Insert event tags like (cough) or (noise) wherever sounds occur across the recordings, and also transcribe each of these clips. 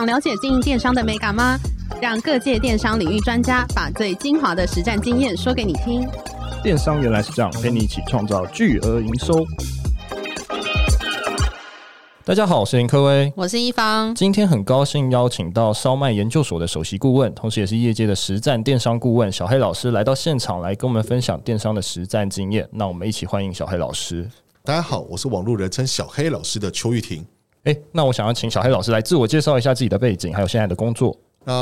想了解經營電商的美感嗎？讓各界電商領域專家把最精華的實戰經驗說給你聽。電商原來是這樣，陪你一起創造巨額營收。大家好，我是林克威，我是一方。今天很高興邀請到燒賣研究所的首席顧問，同時也是業界的實戰電商顧問小黑老師來到現場，來跟我們分享電商的實戰經驗。那我們一起歡迎小黑老師。大家好，我是網路人稱小黑老師的邱玉婷。誒、欸，那我想要請小黑老師來自我介紹一下自己的背景，還有現在的工作、嗯。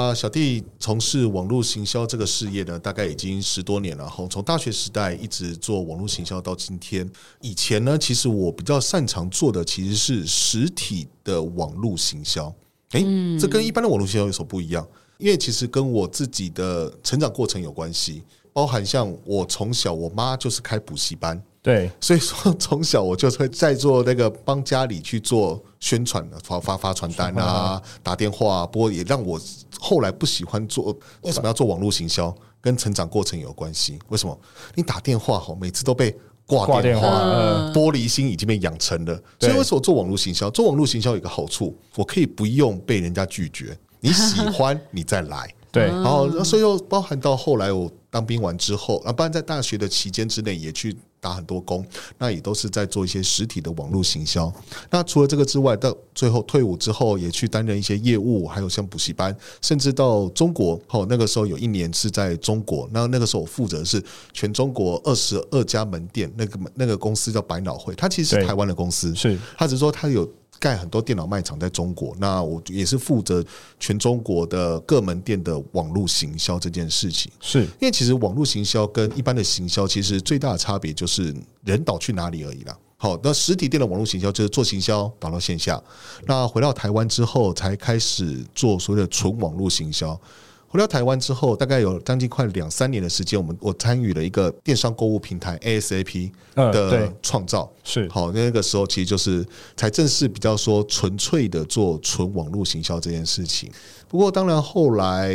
那小弟從事網絡行銷這個事業呢，大概已經十多年了。哈，從大學時代一直做網絡行銷到今天。以前呢，其實我比較擅長做的其實是實體的網絡行銷。誒、欸，這跟一般的網絡行銷有所不一樣，因為其實跟我自己的成長過程有關係，包含像我從小我媽就是開補習班。對，所以說從小我就會在做那個幫家裡去做宣傳，發發發傳單啊，打電話啊。不過也讓我後來不喜歡做。為什麼要做網絡行銷？跟成長過程有關係。為什麼？你打電話哈，每次都被掛電話，玻璃心已經被養成了。所以為什麼我做網絡行銷？做網絡行銷有一個好處，我可以不用被人家拒絕。你喜歡你再來。對，然後所以又包含到後來我當兵完之後，那不然在大學的期間之內也去。打很多工，那也都是在做一些實體的網絡行銷。那除了這個之外，到最後退伍之後，也去擔任一些業務，還有像補習班，甚至到中國哦。那個時候有一年是在中國，那那個時候我負責的是全中國二十二家門店。那個那個公司叫百腦匯，它其實是台灣的公司，是他只是說他有。蓋很多電腦賣場在中國，那我也是負責全中國的各門店的網絡行銷這件事情。是因為其實網絡行銷跟一般的行銷其實最大的差別就是人導去哪裡而已啦。好，那實體店的網絡行銷就是做行銷導到到線下。那回到台灣之後，才開始做所謂的純網絡行銷。回到台灣之後，大概有將近快兩三年的時間，我們我參與了一個電商購物平台 ASAP 的創造。嗯、對是好，那個時候其實就是才正式比較說純粹的做純網絡行銷這件事情。不過當然後來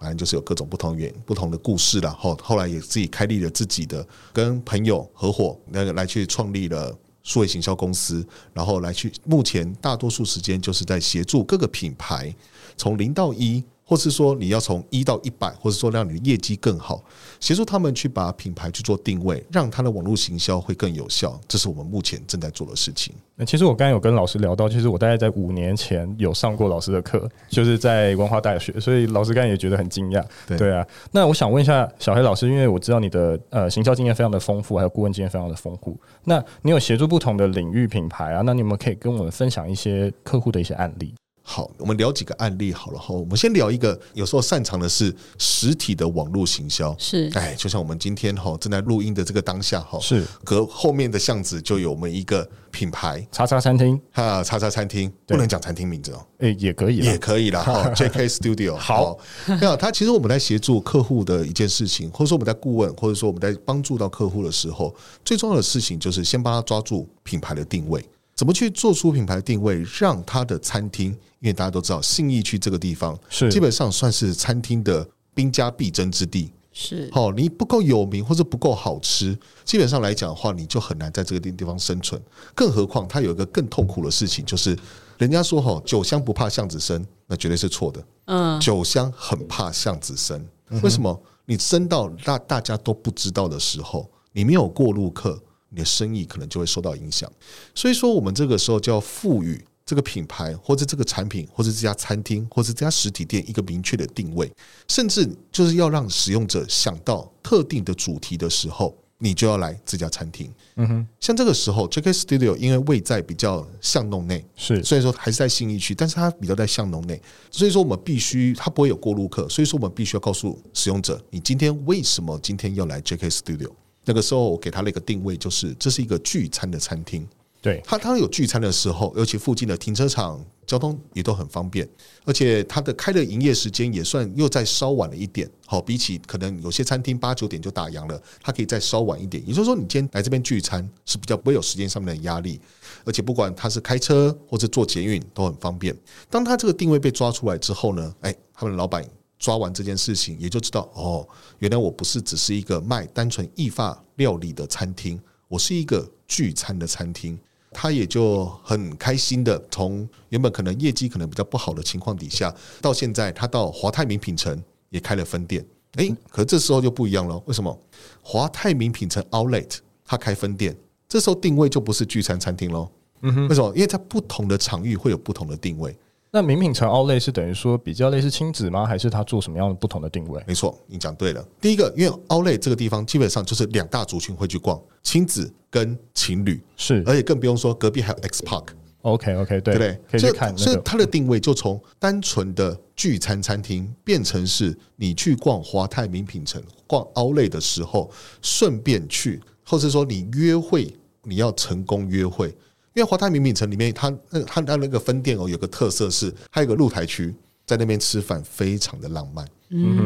反正就是有各種不同原不同的故事啦。好，後來也自己開立了自己的跟朋友合夥那個來去創立了數位行銷公司，然後來去目前大多數時間就是在協助各個品牌從零到一。或是說你要從一到一百，或是說讓你的業績更好，協助他們去把品牌去做定位，讓他的網絡行銷會更有效。這是我們目前正在做的事情。那其實我剛剛有跟老師聊到，其實我大概在五年前有上過老師的課，就是在文化大學，所以老師剛才也覺得很驚訝。對，對啊，那我想問一下小黑老師，因為我知道你的呃行銷經驗非常的豐富，還有顧問經驗非常的豐富，那你有協助不同的領域品牌啊？那你們可以跟我們分享一些客戶的一些案例。好，我們聊幾個案例好了哈。我們先聊一個，有時候擅長的是實體的網絡行銷。是，哎，就像我們今天哈正在錄音的這個當下哈，是隔後面的巷子就有我們一個品牌——叉叉餐廳、啊、叉叉餐廳對不能講餐廳名字哦，哎，也可以，也可以啦。也可以啦啊、JK Studio (laughs) 好，沒 (laughs) 有、啊、他，其實我們在協助客戶的一件事情，或者說我們在顧問，或者說我們在幫助到客戶的時候，最重要的事情就是先幫他抓住品牌的定位。怎麼去做出品牌定位，讓他的餐廳？因為大家都知道，信義區這個地方是基本上算是餐廳的兵家必爭之地。是，好，哦，你不夠有名或者不夠好吃，基本上來講的話，你就很難在這個地地方生存。更何況，他有一個更痛苦的事情，就是人家說，哦“哈酒香不怕巷子深”，那絕對是錯的。嗯，酒香很怕巷子深。為什麼？嗯，哼，你深到大大家都不知道的時候，你沒有過路客，你的生意可能就會受到影響，所以說我們這個時候就要賦予這個品牌或者這個產品或者這家餐廳或者這家實體店一個明確的定位，甚至就是要讓使用者想到特定的主題的時候，你就要來這家餐廳。嗯哼，像這個時候，JK Studio 因為位在比較巷弄內，是所以說還是在信義區，但是它比較在巷弄內，所以說我們必須它不會有過路客，所以說我們必須要告訴使用者，你今天為什麼今天要來 JK Studio。那個時候我給他了一個定位，就是這是一個聚餐的餐廳。對，他他有聚餐的時候，尤其附近的停車場、交通也都很方便，而且他的開的營業時間也算又再稍晚了一點。好，比起可能有些餐廳八九點就打烊了，他可以再稍晚一點。也就是說，你今天來這邊聚餐是比較不會有時間上面的壓力，而且不管他是開車或者坐捷運都很方便。當他這個定位被抓出來之後呢，哎，他們老闆。抓完這件事情，也就知道哦，原來我不是只是一個賣單純義法料理的餐廳，我是一個聚餐的餐廳。他也就很開心的，從原本可能業績可能比較不好的情況底下，到現在他到華泰名品城也開了分店。哎，可這時候就不一樣了，為什麼？華泰名品城 Outlet 他開分店，這時候定位就不是聚餐餐廳咯。嗯哼，為什麼？因為它不同的場域會有不同的定位。那名品城 outlet 是等於說比較類似親子嗎？還是它做什麼樣的不同的定位？沒錯，你講對了。第一個，因為 outlet 這個地方基本上就是兩大族群會去逛，親子跟情侶是，而且更不用說隔壁還有 X Park。OK OK，對不對看，那個？所以，所以它的定位就從單純的聚餐餐廳變成是，你去逛華泰名品城逛 outlet 的時候，順便去，或是說你約會，你要成功約會。因為華泰名品城裡面它，它那它它那個分店哦，有個特色是，它有個露台區，在那邊吃飯非常的浪漫。嗯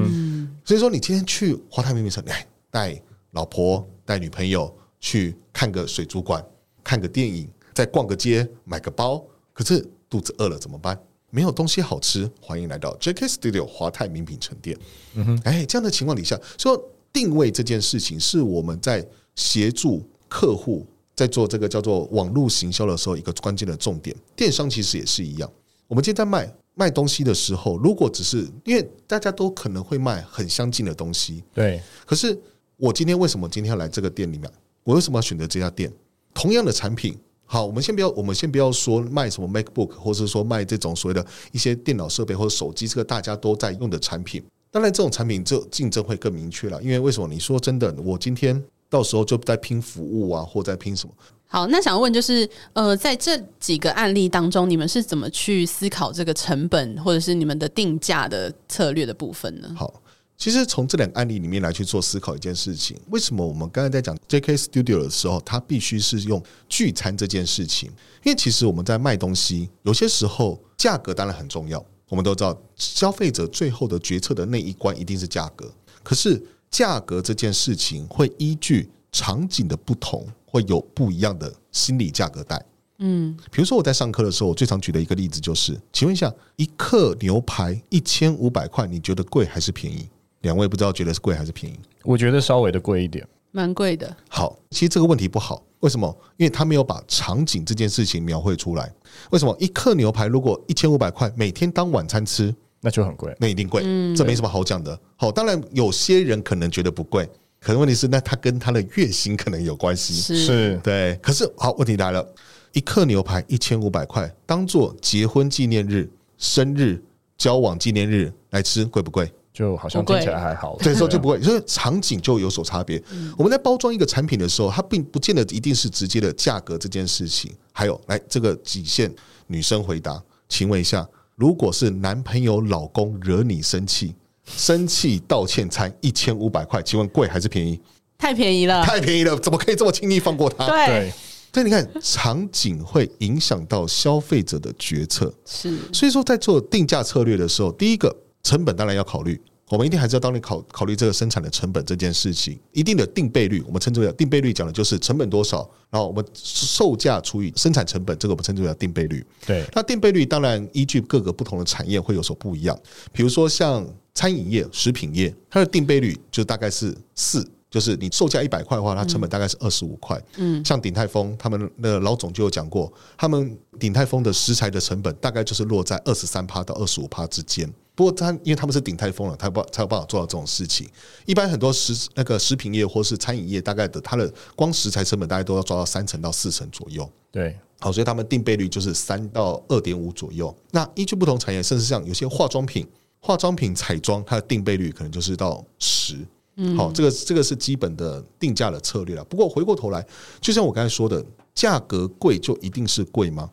哼，所以說你今天去華泰名品城，哎，帶老婆、帶女朋友去看個水族館，看個電影，再逛個街，買個包，可是肚子餓了怎麼辦？沒有東西好吃，歡迎來到 JK Studio 華泰名品城店。嗯哼，哎，這樣的情況底下，說定位這件事情是我們在協助客戶。在做這個叫做網絡行銷的時候，一個關鍵的重點，電商其實也是一樣。我們今天在賣賣東西的時候，如果只是因為大家都可能會賣很相近的東西，對。可是我今天為什麼今天要來這個店裡面？我為什麼要選擇這家店？同樣的產品，好，我們先不要，我們先不要說賣什麼 MacBook，或者說賣這種所謂的一些電腦設備或者手機，這個大家都在用的產品。當然，這種產品這競爭會更明確了。因為為什麼？你說真的，我今天。到時候就在拼服務啊，或在拼什麼？好，那想問就是，呃，在這幾個案例當中，你們是怎麼去思考這個成本，或者是你們的定價的策略的部分呢？好，其實從這兩個案例裡面來去做思考一件事情：為什麼我們剛才在講 JK Studio 的時候，它必須是用聚餐這件事情？因為其實我們在賣東西，有些時候價格當然很重要，我們都知道消費者最後的決策的那一關一定是價格，可是。價格這件事情會依據場景的不同，會有不一樣的心理價格帶。嗯，比如說我在上課的時候，我最常舉的一個例子就是：請問一下，一客牛排一千五百塊，你覺得貴還是便宜？兩位不知道覺得是貴還是便宜？我覺得稍微的貴一點，蠻貴的。好，其實這個問題不好，為什麼？因為他沒有把場景這件事情描繪出來。為什麼一客牛排如果一千五百塊，每天當晚餐吃？那就很貴，那一定貴，嗯、這沒什麼好講的。好對、哦，當然有些人可能覺得不貴，可能問題是那他跟他的月薪可能有關係，是對。可是好，問題來了，一客牛排一千五百塊，當做結婚紀念日、生日、交往紀念日來吃，貴不貴？就好像聽起來還好，對，說就不貴，所以場景就有所差別。嗯、我們在包裝一個產品的時候，它並不見得一定是直接的價格這件事情。還有，來這個幾線，女生回答，請問一下。如果是男朋友、老公惹你生氣，生氣道歉才一千五百塊，請問貴還是便宜？太便宜了，太便宜了，怎麼可以這麼輕易放過他？對，對，你看場景會影響到消費者的決策，是，所以說在做定價策略的時候，第一個，成本當然要考慮。我們一定還是要當你考考慮這個生產的成本這件事情，一定的定倍率，我們稱之為定倍率，講的就是成本多少，然後我們售價除以生產成本，這個我們稱之為定倍率。對，那定倍率當然依據各個不同的產業會有所不一樣，比如說像餐飲業、食品業，它的定倍率就大概是四。就是你售價一百塊的話，它成本大概是二十五塊。嗯，像鼎泰豐他們的老總就有講過，他們鼎泰豐的食材的成本大概就是落在二十三趴到二十五趴之間。不過他，因為他們是鼎泰豐了，他有他有辦法做到這種事情。一般很多食那個食品業或是餐飲業，大概的它的光食材成本大概都要抓到三成到四成左右。對，好，所以他們定倍率就是三到二點五左右。那依據不同產業，甚至像有些化妝品，化妝品彩妝它的定倍率可能就是到十。好，嗯嗯這個這個是基本的定價的策略了。不過回過頭來，就像我剛才說的，價格貴就一定是貴嗎？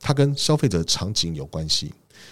它跟消費者的場景有關係。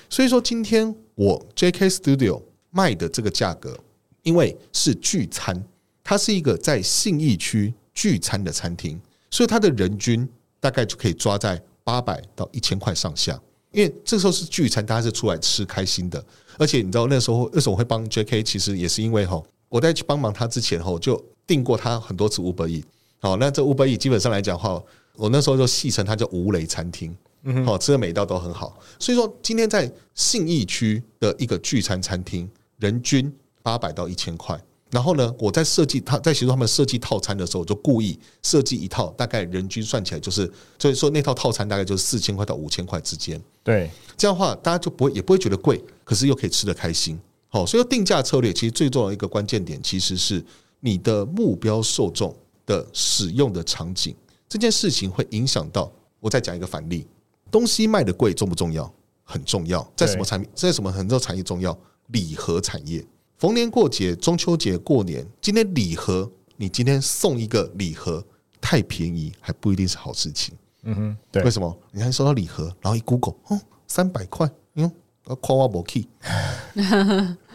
所以說，今天我 JK Studio 賣的這個價格，因為是聚餐，它是一個在信義區聚餐的餐廳，所以它的人均大概就可以抓在八百到一千塊上下。因為這時候是聚餐，大家是出來吃開心的。而且你知道那時候那時候我會幫 JK，其實也是因為吼。我在去幫忙他之前，我就訂過他很多次 Uber Eats。好，那這 Uber Eats 基本上來講的話，我那時候就戲稱他叫無雷餐廳。嗯，好，吃的每一道都很好。所以說，今天在信義區的一個聚餐餐廳，人均八百到一千塊。然後呢，我在設計他，在協助他們設計套餐的時候，就故意設計一套，大概人均算起來就是，所以說那套套餐大概就是四千塊到五千塊之間。對，這樣的話大家就不會也不會覺得貴，可是又可以吃得開心。所以定價策略其實最重要的一個關鍵點，其實是你的目標受眾的使用的場景這件事情會影響到。我再講一個反例，東西賣的貴，重不重要？很重要，在什麼產品，在什麼很多產業重要？禮盒產業，逢年過節、中秋節、過年，今天禮盒，你今天送一個禮盒太便宜，還不一定是好事情。嗯哼，對，為什麼？你看，收到禮盒，然後一 Google，哦，三百塊，嗯，要誇哇博 k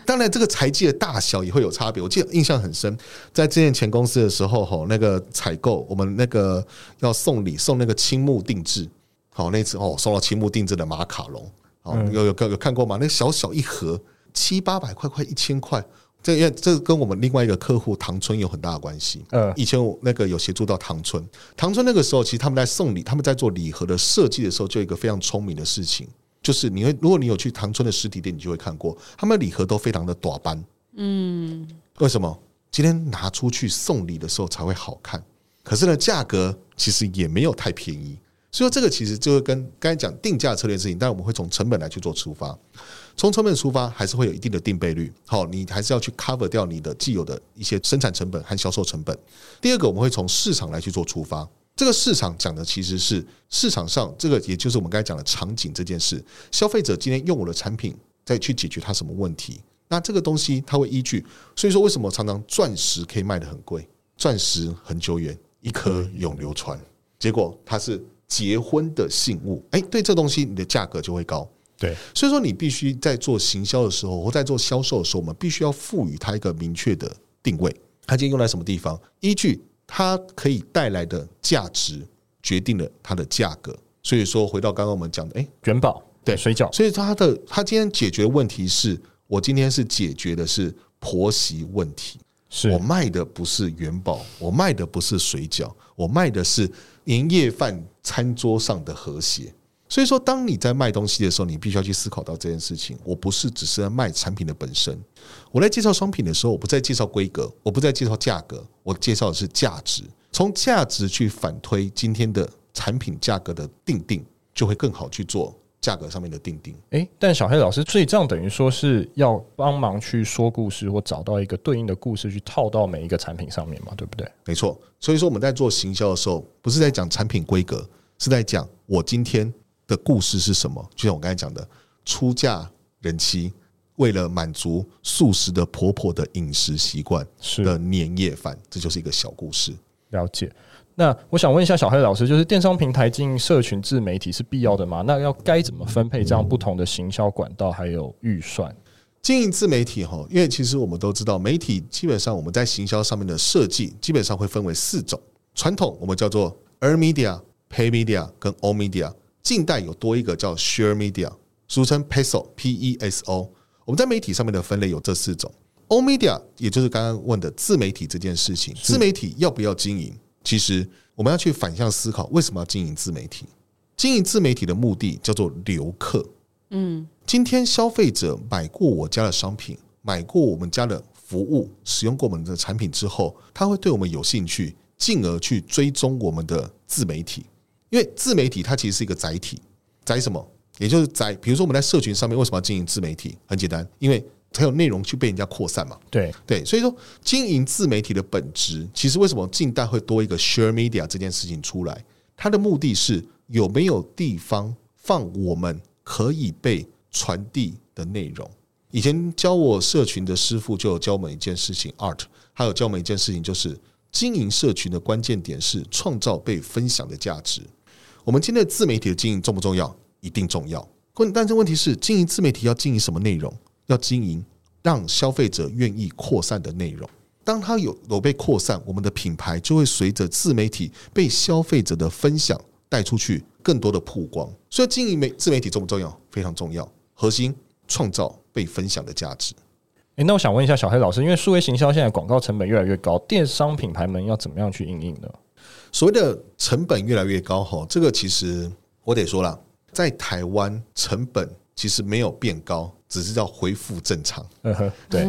當然，這個財季的大小也會有差別。我記得印象很深，在之前，前公司的時候，哈，那個採購我們那個要送禮送那個青木定制，好那次哦，送了青木定制的馬卡龍，好有有有有看過嗎？那個小小一盒七八百塊，快一千塊。這因這跟我們另外一個客戶唐春有很大的關係。嗯，以前我那個有協助到唐春，唐春那個時候其實他們在送禮，他們在做禮盒的設計的時候，就有一個非常聰明的事情。就是你會，如果你有去唐村的實體店，你就會看過，他們禮盒都非常的短斑。嗯，為什麼？今天拿出去送禮的時候才會好看，可是呢，價格其實也沒有太便宜。所以這個其實就跟剛才講定價策略事情，但我們會從成本來去做出發，從成本出發還是會有一定的定倍率。好，你還是要去 cover 掉你的既有的一些生產成本和銷售成本。第二個，我們會從市場來去做出發。這個市場講的其實是市場上這個，也就是我們剛才講的場景這件事。消費者今天用我的產品，再去解決他什麼問題？那這個東西它會依據，所以說為什麼常常鑽石可以賣得很貴？鑽石恆久遠，一顆永流傳。結果它是結婚的信物，哎，對，這東西你的價格就會高。對，所以說你必須在做行銷的時候，或在做銷售的時候，我們必須要賦予它一個明確的定位，它今天用在什麼地方，依據。它可以帶來的價值決定了它的價格，所以說回到剛剛我們講的，哎，元寶，對，水餃，所以它的它今天解決問題是我今天是解決的是婆媳問題，是我賣的不是元寶，我賣的不是水餃，我賣的是年夜飯餐桌上的和諧。所以說，當你在賣東西的時候，你必須要去思考到這件事情。我不是只是在賣產品的本身，我在介紹商品的時候，我不再介紹規格，我不再介紹價格，我介紹的是價值。從價值去反推今天的產品價格的訂定，就會更好去做價格上面的訂定。誒、欸，但小黑老師，所以這樣等於說是要幫忙去說故事，或找到一個對應的故事去套到每一個產品上面嘛？對不對？沒錯。所以說我們在做行銷的時候，不是在講產品規格，是在講我今天。的故事是什麼？就像我剛才講的，出嫁人妻為了滿足素食的婆婆的飲食習慣是的年夜飯，是這就是一個小故事。了解。那我想問一下小黑老師，就是電商平台經營社群自媒體是必要的嗎？那要該怎麼分配這樣不同的行銷管道還有預算？嗯、經營自媒體哈，因為其實我們都知道，媒體基本上我們在行銷上面的設計，基本上會分為四種：傳統我們叫做 Earn Media、Pay Media 跟 All Media。近代有多一個叫 Share Media，俗稱 Peso（P-E-S-O）。PESO。我們在媒體上面的分類有這四種 O Media，也就是剛剛問的自媒體這件事情。自媒體要不要經營？其實我們要去反向思考，為什麼要經營自媒體？經營自媒體的目的叫做留客。嗯，今天消費者買過我家的商品，買過我們家的服務，使用過我們的產品之後，他會對我們有興趣，進而去追蹤我們的自媒體。因為自媒體它其實是一個載體，載什麼？也就是載，比如說我們在社群上面為什麼要經營自媒體？很簡單，因為才有內容去被人家擴散嘛。對對，所以說經營自媒體的本質，其實為什麼近代會多一個 share media 這件事情出來？它的目的是有沒有地方放我們可以被傳遞的內容？以前教我社群的師傅就有教我們一件事情，art，還有教我們一件事情，就是經營社群的關鍵點是創造被分享的價值。我們今天的自媒體的經營重不重要？一定重要。問，但這問題是經營自媒體要經營什麼內容？要經營讓消費者願意擴散的內容。當它有有被擴散，我們的品牌就會隨着自媒體被消費者的分享帶出去更多的曝光。所以經營媒自媒體重不重要？非常重要。核心創造被分享的價值。誒，那我想問一下小黑老師，因為數位行銷現在廣告成本越來越高，電商品牌們要怎麼樣去運營呢？所謂的成本越來越高，哈，這個其實我得說了，在台灣成本其實沒有變高，只是叫恢復正常。嗯，對，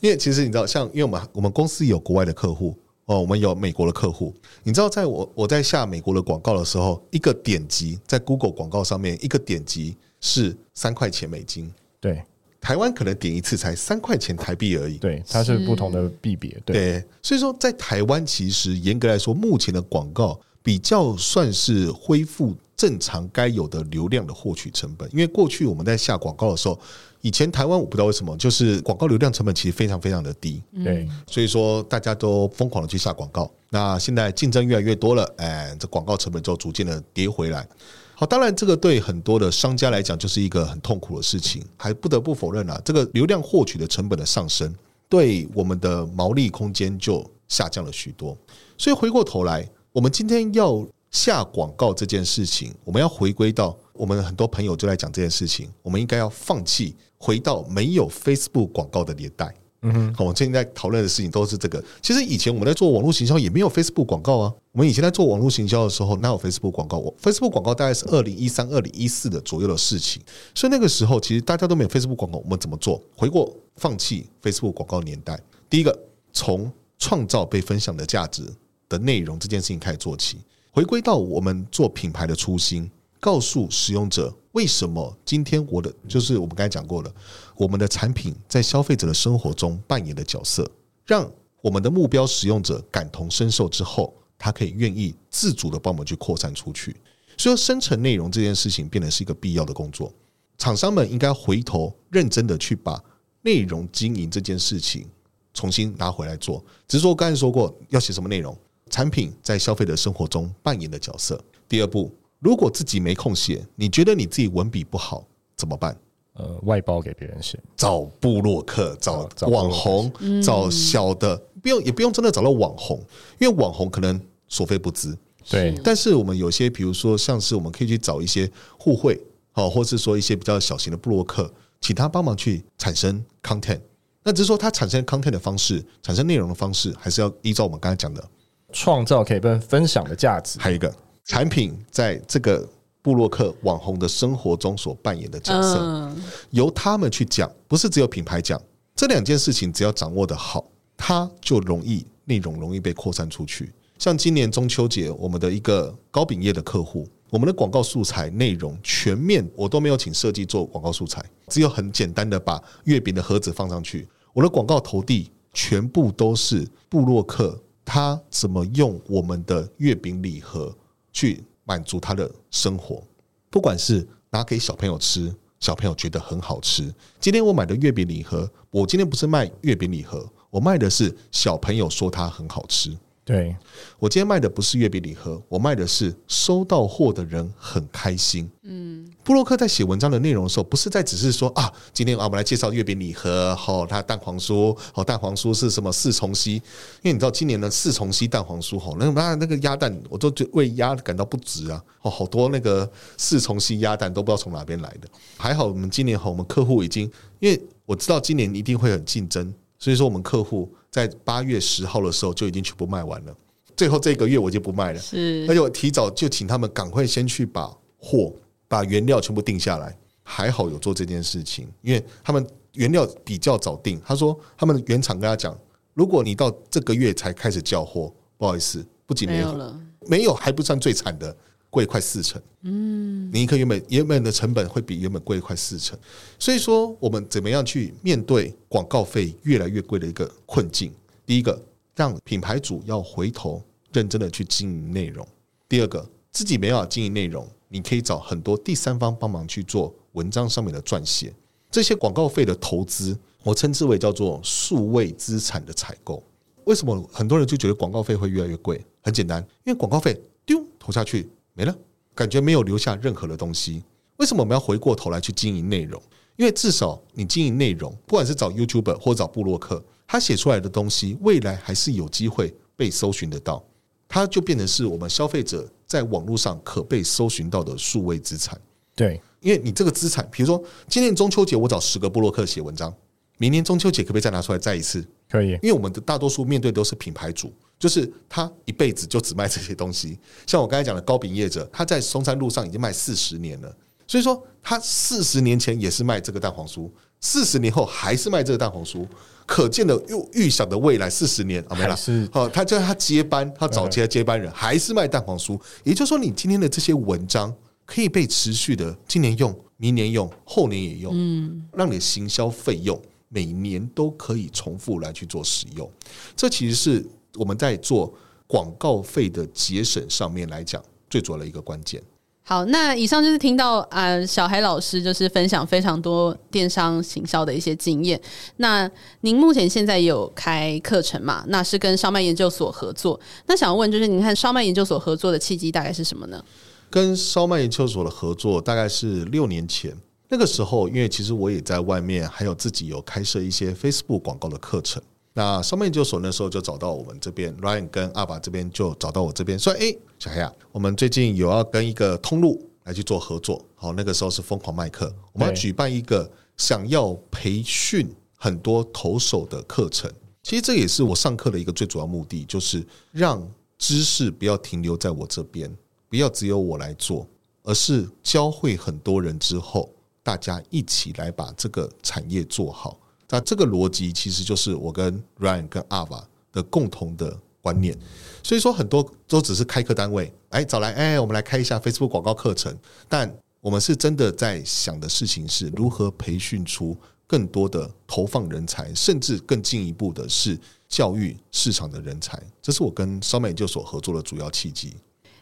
因為其實你知道，像因為我們我們公司有國外的客戶哦，我們有美國的客戶，你知道，在我我在下美國的廣告的時候，一個點擊在 Google 廣告上面，一個點擊是三塊錢美金。對。台灣可能點一次才三塊錢台幣而已，對，它是不同的幣別，對，所以說在台灣其實嚴格來說，目前的廣告比較算是恢復正常該有的流量的獲取成本，因為過去我們在下廣告的時候，以前台灣我不知道為什麼，就是廣告流量成本其實非常非常的低，對，所以說大家都瘋狂的去下廣告，那現在競爭越來越多了，哎，這廣告成本就逐漸的跌回來。好，當然，這個對很多的商家來講就是一個很痛苦的事情，還不得不否認了啊，這個流量獲取的成本的上升，對我們的毛利空間就下降了許多。所以回過頭來，我們今天要下廣告這件事情，我們要回歸到我們很多朋友就在講這件事情，我們應該要放棄，回到沒有 Facebook 廣告的年代。嗯哼，好，我最近在討論的事情都是這個。其實以前我們在做網絡營銷也沒有 Facebook 廣告啊。我們以前在做網絡營銷的時候，哪有 Facebook 廣告。Facebook 廣告大概是二零一三、二零一四的左右的事情，所以那個時候其實大家都沒有 Facebook 廣告。我們怎麼做？回過放棄 Facebook 廣告年代，第一個從創造被分享的價值的內容這件事情開始做起，回歸到我們做品牌的初心。告訴使用者為什麼今天我的，就是我們剛才講過的，我們的產品在消費者的生活中扮演的角色，讓我們的目標使用者感同身受之後，他可以願意自主的幫我們去擴散出去。所以，生成內容這件事情變得是一個必要的工作，廠商們應該回頭認真的去把內容經營這件事情重新拿回來做。只是說，我剛才說過，要寫什麼內容，產品在消費者生活中扮演的角色。第二步。如果自己沒空寫，你覺得你自己文筆不好怎麼辦？呃，外包給別人寫，找部落客，找網紅，嗯、找小的，不用也不用真的找到網紅，因為網紅可能所費不貲。對，但是我們有些，比如說像是我們可以去找一些互惠哦，或者是說一些比較小型的部落客，請他幫忙去產生 content。那只是說他產生 content 的方式，產生內容的方式，還是要依照我們剛才講的，創造可以被人分享的價值。還有一個。產品在這個部落客網紅的生活中所扮演的角色，由他們去講，不是只有品牌講。這兩件事情只要掌握得好，它就容易內容容易被擴散出去。像今年中秋節，我們的一個糕餅業的客戶，我們的廣告素材內容全面，我都沒有請設計做廣告素材，只有很簡單的把月餅的盒子放上去。我的廣告投遞全部都是部落客，他怎麼用我們的月餅禮盒。去滿足他的生活，不管是拿給小朋友吃，小朋友覺得很好吃。今天我買的月餅禮盒，我今天不是賣月餅禮盒，我賣的是小朋友說它很好吃。對，我今天賣的不是月餅禮盒，我賣的是收到貨的人很開心。嗯，部落客在寫文章的內容的時候，不是在只是說啊，今天啊，我們來介紹月餅禮盒，吼，它蛋黃酥，哦，蛋黃酥是什麼四重溪？因為你知道今年的四重溪蛋黃酥，吼，那那那個鴨蛋，我都覺得為鴨感到不值啊，哦，好多那個四重溪鴨蛋都不知道從哪邊來的。還好我們今年和、喔、我們客戶已經，因為我知道今年一定會很競爭，所以說我們客戶。在八月十號的時候就已經全部賣完了，最後這個月我就不賣了。是，那就我提早就請他們趕快先去把貨、把原料全部定下來。還好有做這件事情，因為他們原料比較早定。他說他們原廠跟他講，如果你到這個月才開始叫貨，不好意思，不僅沒有，沒有還不算最慘的。貴快四成，嗯，你一個原本原本的成本會比原本貴快四成，所以說我們怎麼樣去面對廣告費越來越貴的一個困境？第一個，讓品牌主要回頭認真的去經營內容；第二個，自己沒法經營內容，你可以找很多第三方幫忙去做文章上面的撰寫。這些廣告費的投資，我稱之為叫做數位資產的採購。為什麼很多人就覺得廣告費會越來越貴？很簡單，因為廣告費丟投下去。沒了，感覺沒有留下任何的東西。為什麼我們要回過頭來去經營內容？因為至少你經營內容，不管是找 YouTuber 或者，找部落客，他寫出來的東西，未來還是有機會被搜尋得到。它就變成是我們消費者在網絡上可被搜尋到的數位資產。對，因為你這個資產，比如說今年中秋節我找十個部落客寫文章，明年中秋節可不可以再拿出來再一次？可以，因為我們的大多數面對都是品牌主。就是他一輩子就只賣這些東西，像我剛才講的糕餅業者，他在松山路上已經賣四十年了，所以說他四十年前也是賣這個蛋黃酥，四十年後還是賣這個蛋黃酥，可見的又預想的未來四十年啊沒了，哦，他叫他接班，他早期的接班人還是賣蛋黃酥，也就是說你今天的這些文章可以被持續的，今年用，明年用，後年也用，嗯，讓你行銷費用每年都可以重複來去做使用，這其實是。我們在做廣告費的節省上面來講，最主要的一個關鍵。好，那以上就是聽到啊、呃，小黑老師就是分享非常多電商行銷的一些經驗。那您目前現在有開課程嘛？那是跟燒麥研究所合作。那想要問就是，您看燒麥研究所合作的契機大概是什麼呢？跟燒麥研究所的合作大概是六年前，那個時候因為其實我也在外面還有自己有開設一些 Facebook 廣告的課程。那燒賣研究所那時候就找到我們這邊，Ryan 跟阿爸這邊就找到我這邊說：“哎，小黑啊，我們最近有要跟一個通路來去做合作。”好，那個時候是瘋狂賣課，我們要舉辦一個想要培訓很多投手的課程。其實這也是我上課的一個最主要目的，就是讓知識不要停留在我這邊，不要只有我來做，而是教會很多人之後，大家一起來把這個產業做好。那這個邏輯其實就是我跟 Ryan、跟 Ava 的共同的觀念，所以說很多都只是開課單位，哎，找來，哎，我們來開一下 Facebook 廣告課程。但我們是真的在想的事情是如何培訓出更多的投放人才，甚至更進一步的是教育市場的人才。這是我跟燒賣研究所合作的主要契機。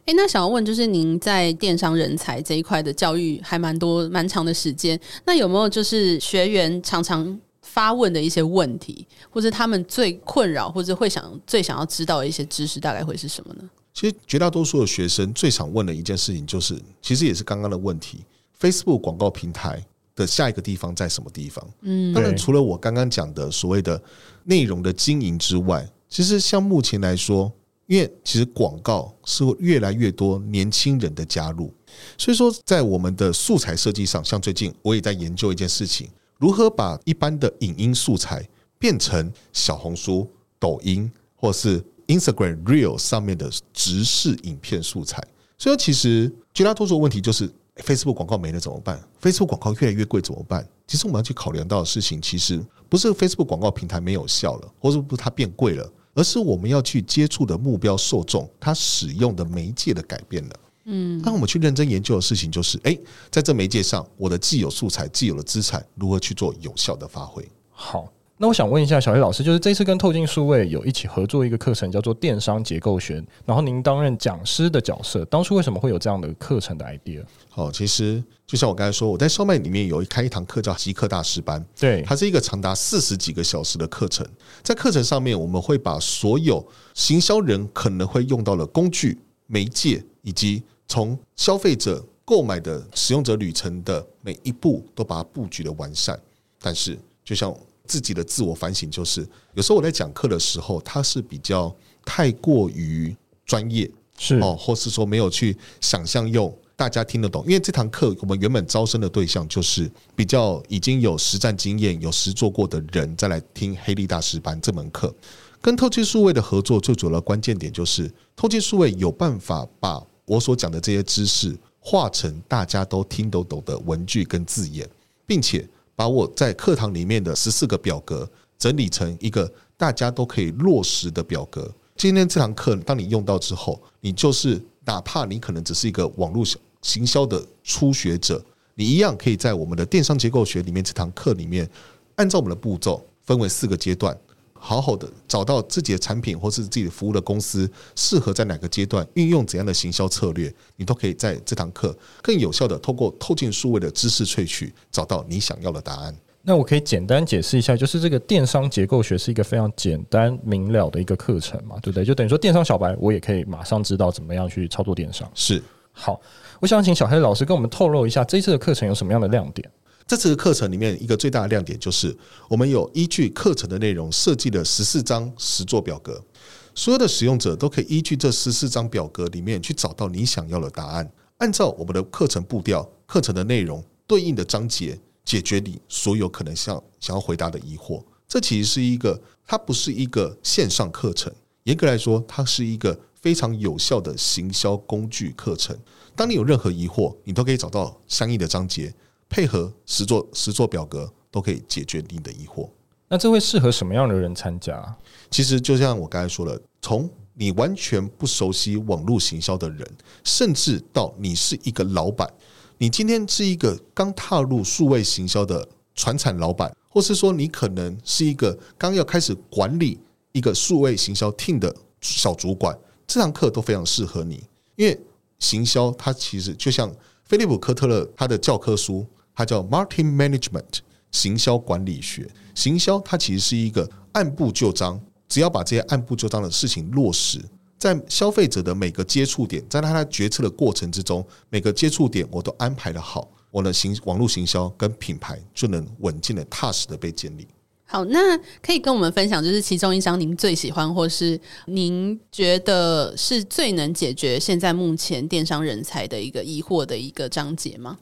哎，那想要問就是您在電商人才這一塊的教育還蠻多、蠻長的時間，那有沒有就是學員常常發問的一些問題，或是他們最困擾，或者會想最想要知道的一些知識，大概會是什麼呢？其實絕大多數的學生最想問的一件事情，就是其實也是剛剛的問題：Facebook 廣告平台的下一個地方在什麼地方？嗯，當然除了我剛剛講的所謂的內容的經營之外，其實像目前來說，因為其實廣告是越來越多年輕人的加入，所以說在我們的素材設計上，像最近我也在研究一件事情。如何把一般的影音素材變成小紅書、抖音或者是 Instagram Reel 上面的直式影片素材？所以其實絕大多數的問題就是：Facebook 廣告沒了怎麼辦？Facebook 廣告越來越貴怎麼辦？其實我們要去考量到的事情，其實不是 Facebook 廣告平台沒有效了，或者不是它變貴了，而是我們要去接觸的目標受眾，他使用的媒介的改變了。嗯，那我們去認真研究的事情就是，哎、欸，在這媒介上，我的既有素材、既有的資產，如何去做有效的發揮？好，那我想問一下小黑老師，就是這次跟透鏡數位有一起合作一個課程，叫做電商結構學，然後您擔任講師的角色，當初為什麼會有這樣的課程的 idea？好，其實就像我剛才說，我在燒賣裡面有一開一堂課叫極客大師班，對，它是一個長達四十幾個小時的課程，在課程上面，我們會把所有行銷人可能會用到的工具、媒介以及從消費者購買的使用者旅程的每一步，都把它佈局的完善。但是，就像自己的自我反省，就是有時候我在講課的時候，它是比較太過於專業是，是哦，或是說沒有去想象用大家聽得懂。因為這堂課我們原本招生的對象就是比較已經有實戰經驗、有實做過的人，再來聽黑利大師班這門課。跟透氣數位的合作最主要的關鍵點就是，透氣數位有辦法把，我所講的這些知識，化成大家都聽得懂、懂的文句跟字眼，並且把我在課堂裡面的十四個表格整理成一個大家都可以落實的表格。今天這堂課，當你用到之後，你就是哪怕你可能只是一個網絡行銷的初學者，你一樣可以在我們的電商結構學裡面這堂課裡面，按照我們的步驟，分為四個階段。好好的找到自己的產品或是自己的服務的公司，適合在哪個階段運用怎樣的行銷策略，你都可以在這堂課更有效的透過透鏡數位的知識萃取，找到你想要的答案。那我可以簡單解釋一下，就是這個電商結構學是一個非常簡單明了的一個課程嘛，對不對？就等於說電商小白，我也可以馬上知道怎麼樣去操作電商。是好，我想請小黑老師跟我們透露一下，這次的課程有什麼樣的亮點？這次的課程裡面，一個最大的亮點就是，我們有依據課程的內容設計了十四張實作表格，所有的使用者都可以依據這十四張表格裡面去找到你想要的答案。按照我們的課程步調，課程的內容對應的章節，解決你所有可能想想要回答的疑惑。這其實是一個，它不是一個線上課程，嚴格來說，它是一個非常有效的行銷工具課程。當你有任何疑惑，你都可以找到相應的章節。配合實作、實作表格都可以解決你的疑惑。那這會適合什麼樣的人參加？其實就像我剛才說了，從你完全不熟悉網絡行銷的人，甚至到你是一個老闆，你今天是一個剛踏入數位行銷的傳產老闆，或是說你可能是一個剛要開始管理一個數位行銷 team 的小主管，這堂課都非常適合你。因為行銷它其實就像菲利普科特勒他的教科書。它叫 Marketing Management 行銷管理學，行銷它其實是一個按部就班，只要把這些按部就班的事情落實在消費者的每個接觸點，在他的決策的過程之中，每個接觸點我都安排得好，我的行網絡行銷跟品牌就能穩健的踏實的被建立。好，那可以跟我們分享，就是其中一張您最喜歡，或是您覺得是最能解決現在目前電商人才的一個疑惑的一個章節嗎？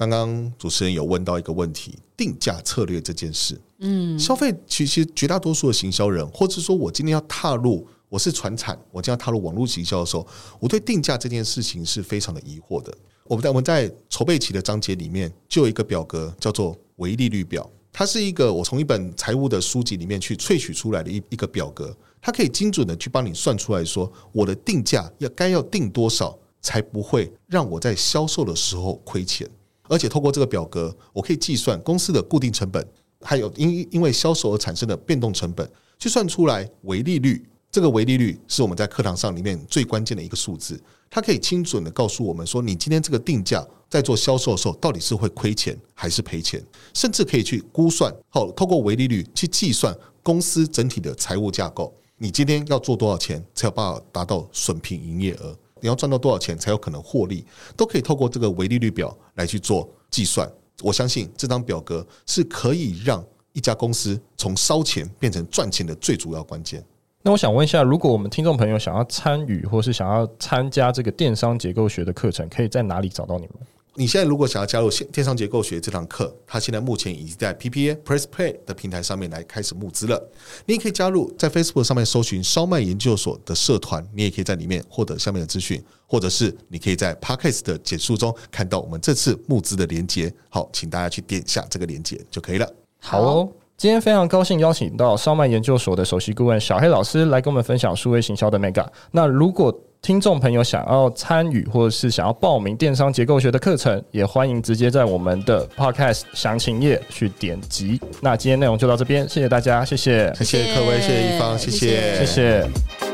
剛剛主持人有問到一個問題，定價策略這件事。嗯，消費其實絕大多數的行銷人，或者說我今天要踏入，我是傳產，我將要踏入網絡行銷的時候，我對定價這件事情是非常的疑惑的。我們在我們在籌備期的章節裡面，就有一個表格，叫做唯利率表，它是一個我從一本財務的書籍裡面去萃取出來的一一個表格，它可以精準的去幫你算出來說，我的定價要該要定多少，才不會讓我在銷售的時候虧錢。而且通過這個表格，我可以計算公司的固定成本，還有因因為銷售而產生的變動成本，計算出來維利率。這個維利率是我們在課堂上裡面最關鍵的一個數字，它可以精準的告訴我們說，你今天這個定價在做銷售的時候到底是會虧錢還是賠錢，甚至可以去估算好，透過維利率去計算公司整體的財務架構。你今天要做多少錢，才有辦法達到損平營業額？你要賺到多少錢才有可能獲利，都可以透過這個維利率表來去做計算。我相信這張表格是可以讓一家公司從燒錢變成賺錢的最主要關鍵。那我想問一下，如果我們聽眾朋友想要參與或是想要參加這個電商結構學的課程，可以在哪裡找到你們？你現在如果想要加入《電商結構學》這堂課，它現在目前已經在 P P A Press Play 的平台上面來開始募資了。你也可以加入在 Facebook 上面搜尋“燒賣研究所”的社團，你也可以在裡面獲得下面的資訊，或者是你可以在 Podcast 的簡述中看到我們這次募資的鏈接。好，請大家去點一下這個鏈接就可以了。好，今天非常高興邀請到燒賣研究所的首席顧問小黑老師來跟我們分享數位行銷的 Mega。那如果聽眾朋友想要參與或者是想要報名電商結構學的課程，也歡迎直接在我們的 Podcast 詳情頁去點擊。那今天內容就到這邊，謝謝大家，謝謝，謝謝各位，謝謝一方，謝謝，謝謝。謝謝。